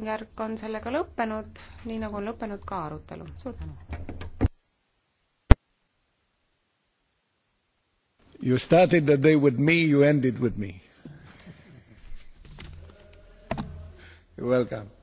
järk on sellega lõppenud, nii nagu on lõppenud ka arutelu. suur tänu. You started the day with me, you ended with me. You are welcome.